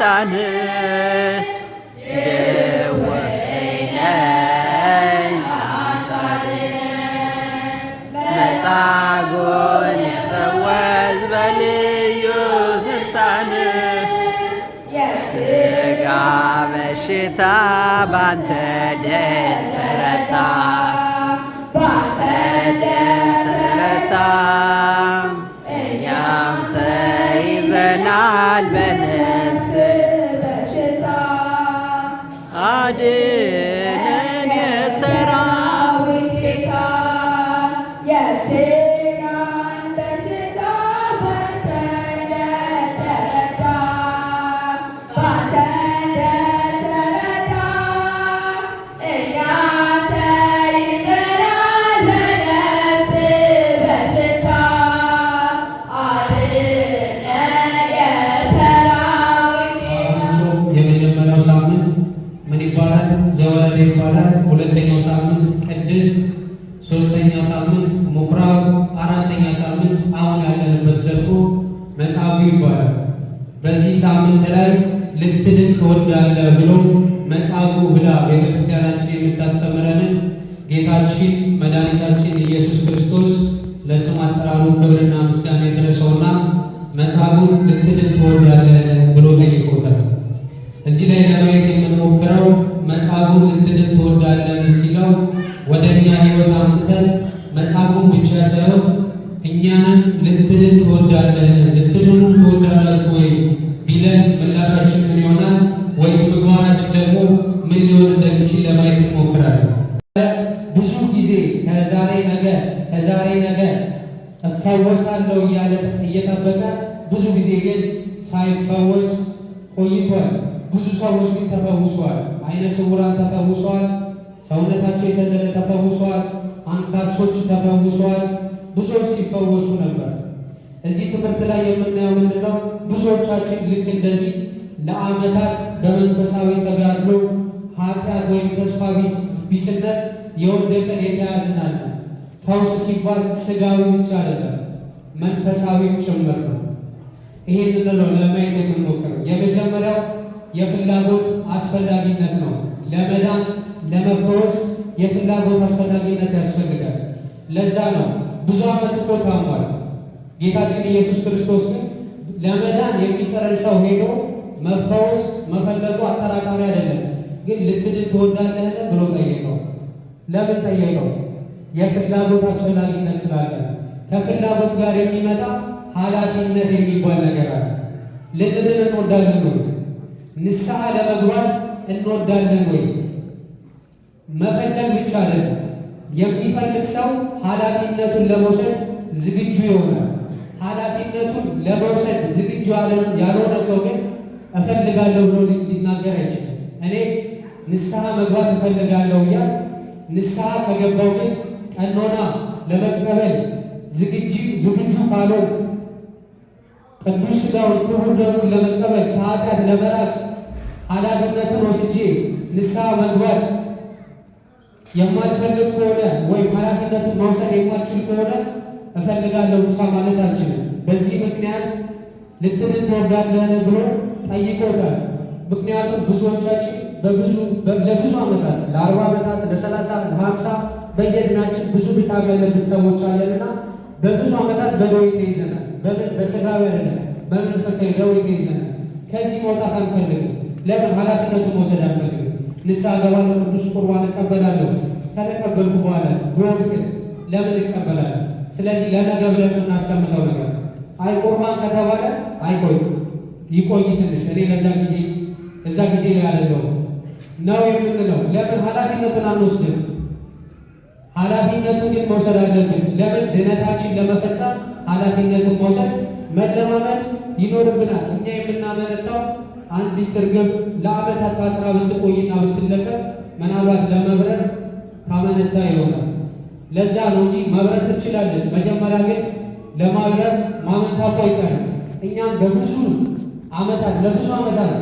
ጌታንህ ጻጎን የፈወዝ በልዩ ስልጣን የስጋ በሽታ ባንተ ደል ተረታ ባንተ ደል ተረታ እኛም ተይዘናል በነ I did. ይባላል። በዚህ ሳምንት ላይ ልትድን ትወዳለህ ብሎ መጻጉዕ ብላ ቤተክርስቲያናችን የምታስተምረንን ጌታችን መድኃኒታችን ኢየሱስ ክርስቶስ ለስም አጠራሩ ክብርና ምስጋና የደረሰውና መጻጉዕ ልትድን ትወዳለህ ብሎ ጠይቆታል። እዚህ ላይ ለማየት የምንሞክረው መጻጉዕ ልትድን ትወዳለህ ሲለው ወደ እኛ ሕይወት አምጥተን መጻጉዕን ብቻ ሳይሆን እኛን ልትድን ትወዳለህ ልትድኑ ትወዳላችሁ ወይ ቢለን ምላሻችን ምን ይሆናል? ወይስ ምግባራችን ደግሞ ምን ሊሆን እንደሚችል ለማየት እንሞክራለን። ብዙ ጊዜ ከዛሬ ነገ ከዛሬ ነገ እፈወሳለሁ እያለ እየጠበቀ ብዙ ጊዜ ግን ሳይፈወስ ቆይቷል። ብዙ ሰዎች ግን ተፈውሷል። አይነ ስውራን ተፈውሷል። ሰውነታቸው የሰደደ ተፈውሷል። አንካሶች ተፈውሷል። ብዙዎች ሲፈወሱ ነበር። እዚህ ትምህርት ላይ የምናየው ምንድነው? ብዙዎቻችን ልክ እንደዚህ ለዓመታት በመንፈሳዊ ተጋድሎ ኃጢአት ወይም ተስፋ ቢስነት የወደቀን የተያዝናል። ፈውስ ሲባል ስጋዊ ብቻ አይደለም፣ መንፈሳዊም ጭምር ነው። ይህንን ነው ለማየት የምንሞክረው። የመጀመሪያው የፍላጎት አስፈላጊነት ነው። ለመዳን ለመፈወስ የፍላጎት አስፈላጊነት ያስፈልጋል። ለዛ ነው ብዙ ዓመት እኮ ታሟል። ጌታችን ኢየሱስ ክርስቶስ ለመዳን የሚጠረን ሰው ሄዶ መፈወስ መፈለጉ አጠራጣሪ አይደለም። ግን ልትድን ትወዳለህን ብሎ ጠየቀው። ለምን ጠየቀው? የፍላጎት አስፈላጊነት ስላለ። ከፍላጎት ጋር የሚመጣ ኃላፊነት የሚባል ነገር አለ። ልንድን እንወዳለን ወይ? ንስሐ ለመግባት እንወዳለን ወይ? መፈለግ ብቻ አይደለም የሚፈልግ ሰው ኃላፊነቱን ለመውሰድ ዝግጁ ይሆናል። ኃላፊነቱን ለመውሰድ ዝግጁ ያልሆነ ሰው ግን እፈልጋለሁ ብሎ ሊናገር አይችልም። እኔ ንስሐ መግባት እፈልጋለሁ እያል ንስሐ ከገባው ግን ቀኖና ለመቀበል ዝግጁ ካሎ ቅዱስ ሥጋውን ክቡር ደሙን ለመቀበል ከኃጢአት ለመራቅ ኃላፊነትን ወስጄ ንስሐ መግባት የማልፈልግ ከሆነ ወይ ኃላፊነቱን መውሰድ የማችል ከሆነ እፈልጋለሁ እንኳ ማለት አልችልም። በዚህ ምክንያት ልትድን ትወዳለህን ብሎ ጠይቆታል። ምክንያቱም ብዙዎቻችን በብዙ ለብዙ ዓመታት ለአርባ ዓመታት ለሰላሳ ለሀምሳ በየድናችን ብዙ ድካም ያለብን ሰዎች አለንና በብዙ ዓመታት በደዌ ተይዘናል። በምን በስጋዊ በመንፈሳዊ ደዌ ተይዘናል። ከዚህ መውጣት አንፈልግም። ለምን ኃላፊነቱን መውሰድ አንፈልግም። ንስሐ ገባለሁ፣ ቅዱስ ቁርባን እቀበላለሁ። ከተቀበልኩ በኋላስ በወድቅስ ለምን እቀበላለሁ? ስለዚህ ለነገ ብለን የምናስቀምጠው ነገር አይ ቁርባን ከተባለ አይቆይ ይቆይ ትንሽ እኔ ለዛ ጊዜ እዛ ጊዜ ላይ ያለው ነው የምንለው። ለምን ኃላፊነቱን አንወስድም? ኃላፊነቱን ግን መውሰድ አለብን። ለምን ድነታችን ለመፈጸም ኃላፊነቱን መውሰድ መለማመድ ይኖርብናል። እኛ የምናመነታው አንዲት እርግብ ለዓመታት ታስራ ብትቆይና ብትለቀቅ ምናልባት ለመብረር ታመነታ ይሆናል። ለዛ ነው እንጂ መብረር ትችላለች። መጀመሪያ ግን ለማብረር ማመንታቱ አይቀርም። እኛም በብዙ ዓመታት ለብዙ ዓመታት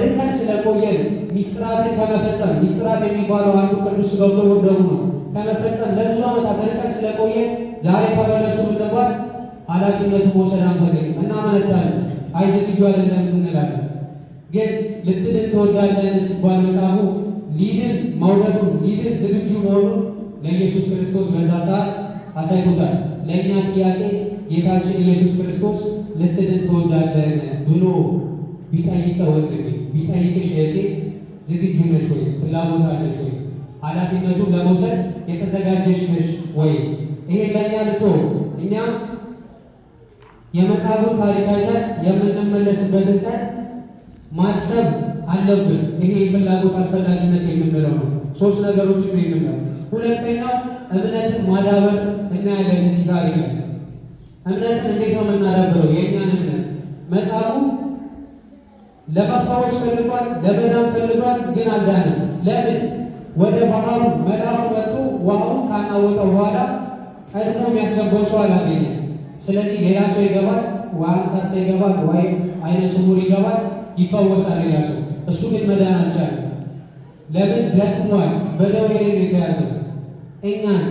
ርቀን ስለቆየን ሚስጥራትን ከመፈጸም ሚስጥራት የሚባለው አንዱ ቅዱስ ገብቶ ወደሙ ነው ከመፈጸም ለብዙ ዓመታት ርቀን ስለቆየን ዛሬ ተመለሱ ምንባል ኃላፊነቱ መውሰድ አንፈልግም እና መለታለን። አይ ዝግጁ አይደለም እንላለን። ግን ልትድን ትወዳለህን ሲባል መጽሐፉ ሊድን መውደዱን ሊድን ዝግጁ መሆኑን ለኢየሱስ ክርስቶስ በዛ ሰዓት አሳይቶታል። ለእኛ ጥያቄ ጌታችን ኢየሱስ ክርስቶስ ልትድን ትወዳለህን ብሎ ቢጠይቀ ወንድሜ ቢጠይቅሽ እህቴ ዝግጁ ነሽ ወይ? ፍላጎት አለሽ ወይ? ኃላፊነቱን ለመውሰድ የተዘጋጀሽ ነሽ ወይ? ይሄ ለእኛ ልቶ እኛም የመጽሐፉን ታሪክ አይተን የምንመለስበትን ቀን ማሰብ አለብን። ይሄ የፍላጎት አስፈላጊነት የምንለው ነው። ሶስት ነገሮች ነው የምንለው። ሁለተኛው እምነትን ማዳበር እናያለን። እዚህ ጋር እምነትን እንዴት ነው የምናዳበረው? የእኛን እምነት መጽሐፉ ለመፋወስ ፈልጓል፣ ለመዳን ፈልጓል፣ ግን አልዳንም። ለምን? ወደ ባህሩ መልአኩ መጥቶ ውሃውን ካናወጠው በኋላ ቀድሞ የሚያስገባው ሰው አላገኘም። ስለዚህ ሌላ ሰው ይገባል፣ ውሃን ካሳ ይገባል፣ ወይ አይነ ስውር ይገባል ይፈወሳል። ሌላ ሰው እሱ ግን መዳን አልቻለም። ለምን ደክሟል፣ በደዌ ነው የተያዘው። እኛስ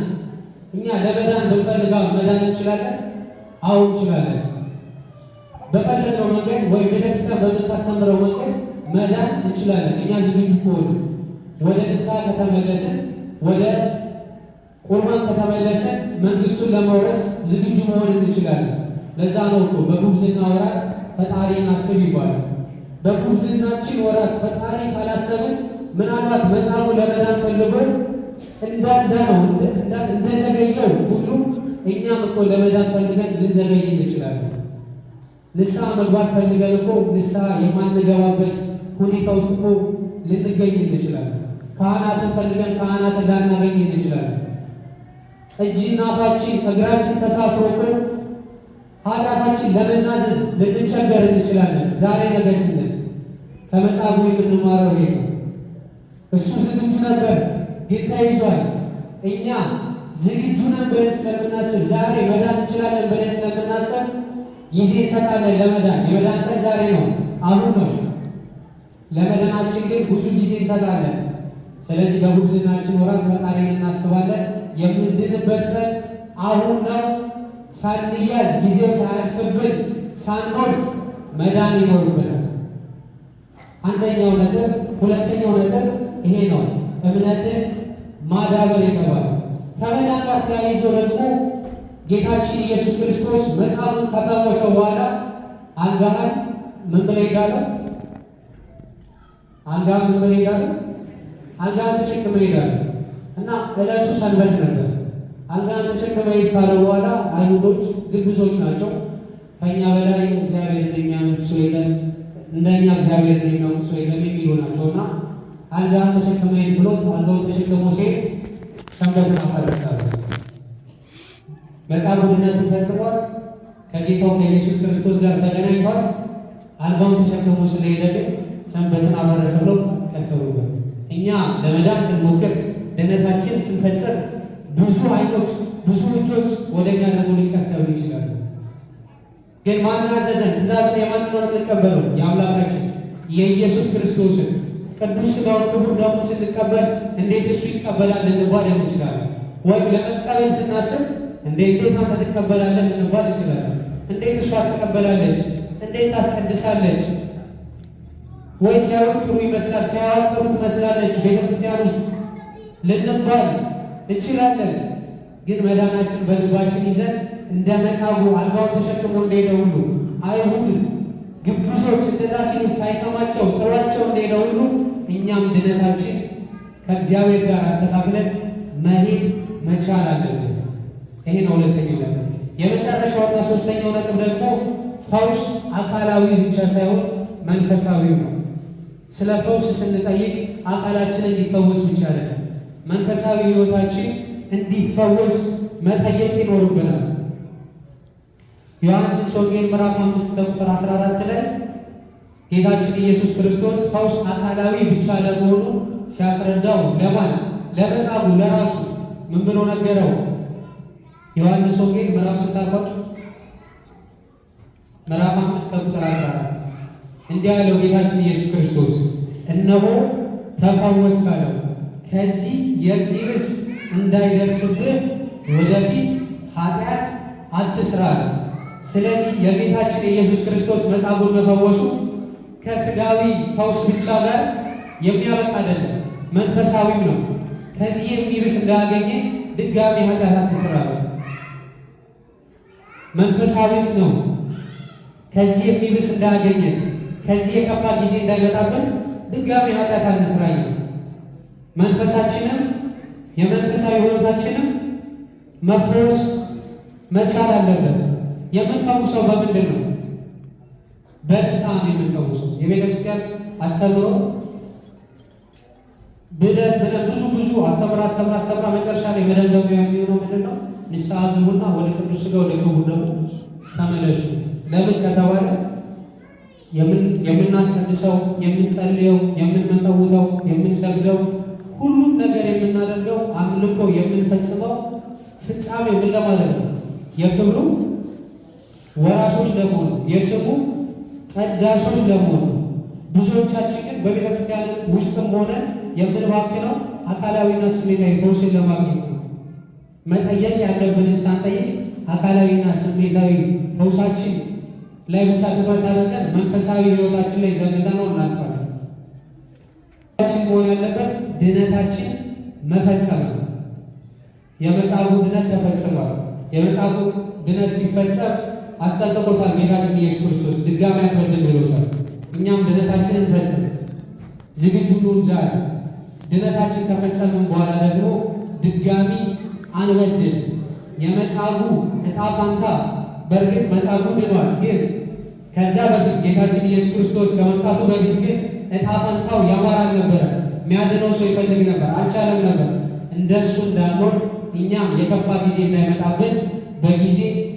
እኛ ለመዳን ብንፈልጋ መዳን እንችላለን? አዎ እንችላለን። በፈለገው መንገድ ወይም ቤተክርስቲያን በምታስተምረው መንገድ መዳን እንችላለን። እኛ ዝግጁ ከሆነ ወደ ንስሐ ከተመለስን፣ ወደ ቁርባን ከተመለስን መንግስቱን ለመውረስ ዝግጁ መሆን እንችላለን። ለዛ ነው እኮ በጉብዝና ወራት ፈጣሪን አስብ ይባላል። በጉብዝናችን ወራት ፈጣሪ ካላሰብን ምናልባት መጽሐፉ ለመዳን ፈልጎ እንዳንዳ ነው እንደዘገየው ሁሉ እኛም እኮ ለመዳን ፈልገን ልንዘገይ እንችላለን። ንስሐ መግባት ፈልገን እኮ ንስሐ የማንገባበት ሁኔታ ውስጥ እኮ ልንገኝ እንችላለን። ካህናትን ፈልገን ካህናትን እንዳናገኝ እንችላለን። እጅና አፋችን እግራችን ተሳስሮ ኃጢአታችን ለመናዘዝ ልንቸገር እንችላለን። ዛሬ ነገ ከመጽሐፉ የምንማረው ይሄ ነው። እሱ ዝግጁ ነበር፣ ግን ተይዟል። እኛ ዝግጁ ነን ብለን ስለምናስብ ዛሬ መዳን እንችላለን ብለን ስለምናስብ ጊዜ እንሰጣለን ለመዳን። የመዳን ቀን ዛሬ ነው፣ አሁን ነው። ለመዳናችን ግን ብዙ ጊዜ እንሰጣለን። ስለዚህ በጉብዝናችን ወራት ፈጣሪን እናስባለን። የምንድንበት አሁን ነው። ሳንያዝ ጊዜው ሳያልፍብን ሳንሆን መዳን ይኖርብናል። አንደኛው ነገር ሁለተኛው ነገር ይሄ ነው እምነትን ማዳበር የተባለው። ከመዳን ጋር ተያይዞ ደግሞ ጌታችን ኢየሱስ ክርስቶስ መጽሐፉን ከፈወሰ በኋላ አልጋህን ምን ብለህ ሄዳለህ? አልጋህን ምን ብለህ ሄዳለህ? አልጋህን ተሸክመህ ሄዳለህ እና እለቱ ሰንበት ነበር። አልጋህን ተሸክመህ ሄድ ካለ በኋላ አይሁዶች ግብዞች ናቸው። ከእኛ በላይ እግዚአብሔር የሚያምን ሰው የለም እንደኛ እግዚአብሔር የሚያውቁ ሰው የለም የሚሉ ናቸውና አልጋን ተሸክመ ሄድ ብሎት አልጋውን ተሸክሞ ሲሄድ ሰንበትን አፈረሳሉት። መጽሐፍ ድነትን ፈጽሟል። ከጌታው ከኢየሱስ ክርስቶስ ጋር ተገናኝቷል። አልጋውን ተሸክሞ ስለሄደ ግን ሰንበትን አፈረሰ ብለው ቀሰሩበት። እኛ ለመዳን ስንሞክር ድነታችን ስንፈጽም ብዙ አይኖች ብዙ እጆች ወደኛ ደግሞ ሊቀሰሩ ይችላሉ። ግን ማን አዘዘን? ትእዛዙን የማንነው የምንቀበለው? የአምላካችን የኢየሱስ ክርስቶስን ቅዱስ ሥጋውን ክቡር ደሙን ስንቀበል እንዴት እሱ ይቀበላል ልንባል እንችላለን። ወይም ለመቀበል ስናስብ እንዴት አንተ ትቀበላለህ ልንባል እንችላለን። እንዴት እሷ ትቀበላለች? እንዴት ታስቀድሳለች? ወይ ሲያዩት ጥሩ ይመስላል፣ ሲያዩት ጥሩ ትመስላለች ቤተክርስቲያን ውስጥ ልንባል እንችላለን። ግን መዳናችን በልባችን ይዘን እንደ መሳቡ አልጋውን ተሸክሞ እንደሄደ ሁሉ አይሁድ ግብዞች እንደዛ ሲሉ ሳይሰማቸው ጥሏቸው እንደሄደ ሁሉ እኛም ድነታችን ከእግዚአብሔር ጋር አስተካክለን መሄድ መቻል አለብን። ይሄ ነው ሁለተኛው ነጥብ። የመጨረሻውና ሶስተኛው ነጥብ ደግሞ ፈውስ አካላዊ ብቻ ሳይሆን መንፈሳዊ ነው። ስለ ፈውስ ስንጠይቅ አካላችን እንዲፈወስ ብቻ አይደለም፣ መንፈሳዊ ህይወታችን እንዲፈወስ መጠየቅ ይኖርብናል። ዮሐንስ ወንጌል ምዕራፍ 5 ቁጥር 14 ላይ ጌታችን ኢየሱስ ክርስቶስ ፈውስ አካላዊ ብቻ ለመሆኑ ሲያስረዳው ለማን ለመጻጉ ለራሱ ምን ብሎ ነገረው? ዮሐንስ ወንጌል ምዕራፍ ስታቋችሁ ምዕራፍ 5 ቁጥር 14 እንዲህ ያለው ጌታችን ኢየሱስ ክርስቶስ እነሆ ተፈወስ ካለው ከዚህ የቂብስ እንዳይደርስብህ ወደፊት ኃጢአት አትስራ ነው። ስለዚህ የጌታችን የኢየሱስ ክርስቶስ መጻጉዕን መፈወሱ ከስጋዊ ፈውስ ብቻ ጋር የሚያበቃ አይደለም፣ መንፈሳዊም ነው። ከዚህ የሚርስ እንዳያገኘ ድጋሚ ኃጢአት አትስራ መንፈሳዊም ነው። ከዚህ የሚብስ እንዳያገኘ ከዚህ የከፋ ጊዜ እንዳይመጣብን ድጋሚ ኃጢአት አንስራ ነው። መንፈሳችንም የመንፈሳዊ ሕይወታችንም መፍረስ መቻል አለበት። የምንፈውሰው በምንድን ነው? በልሳን የምንፈውሰው የቤተ ክርስቲያን አስተምሮ ብለን ብለን ብዙ ብዙ አስተምራ አስተምራ አስተምራ መጨረሻ ላይ መደምደሚያ የሚሆነው ምንድን ነው? ንስሐ ግቡና ወደ ቅዱስ ሥጋ ወደ ክቡር ደሙ ተመለሱ። ለምን ከተባለ የምናስቀድሰው፣ የምንጸልየው፣ የምንመጸውተው፣ የምንሰግደው ሁሉም ነገር የምናደርገው አምልኮ የምንፈጽመው ፍጻሜ ምን ለማለት ነው? የክብሩ ወራሾች ደግሞ የስሙ ቀዳሾች ደግሞ ብዙዎቻችን ግን በቤተክርስቲያን ውስጥም ሆነ የምንባክነው አካላዊና ስሜታዊ ፈውስን ለማግኘት ነው። መጠየቅ ያለብንን ሳንጠይቅ አካላዊና ስሜታዊ ፈውሳችን ላይ ብቻ ትኩረት አድርገን መንፈሳዊ ህይወታችን ላይ ዘንጠ ነው እናልፋለን። መሆን ያለበት ድነታችን መፈጸም ነው። የመጽሐፉ ድነት ተፈጽሟል። የመጽሐፉ ድነት ሲፈጸም አስጠንቅቆታል። ጌታችን ኢየሱስ ክርስቶስ ድጋሚ አትበድል ብሎታል። እኛም ድነታችንን ፈጽም ዝግጁ ሁን ዛሬ። ድነታችን ከፈጸምን በኋላ ደግሞ ድጋሚ አንበድል። የመጻጉ ዕጣ ፋንታ በእርግጥ መጻጉ ድኗል፣ ግን ከዛ በፊት ጌታችን ኢየሱስ ክርስቶስ ከመምጣቱ በፊት ግን ዕጣ ፈንታው ያማራል ነበረ። የሚያድነው ሰው ይፈልግ ነበር፣ አልቻለም ነበር። እንደሱ እንዳንሆን እኛም የከፋ ጊዜ እንዳይመጣብን በጊዜ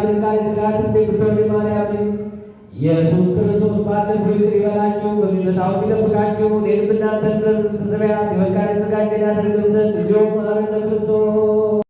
አገልጋይ ስጋት ደግበር ማርያም ኢየሱስ ክርስቶስ ባለፈው ይቅር ይበላችሁ በሚመጣው ይጠብቃችሁ። እኔንም እናንተን በመንግሥተ የመካነ ሥጋችን ያደርገን ዘንድ እግዚኦ መሐረነ ክርስቶስ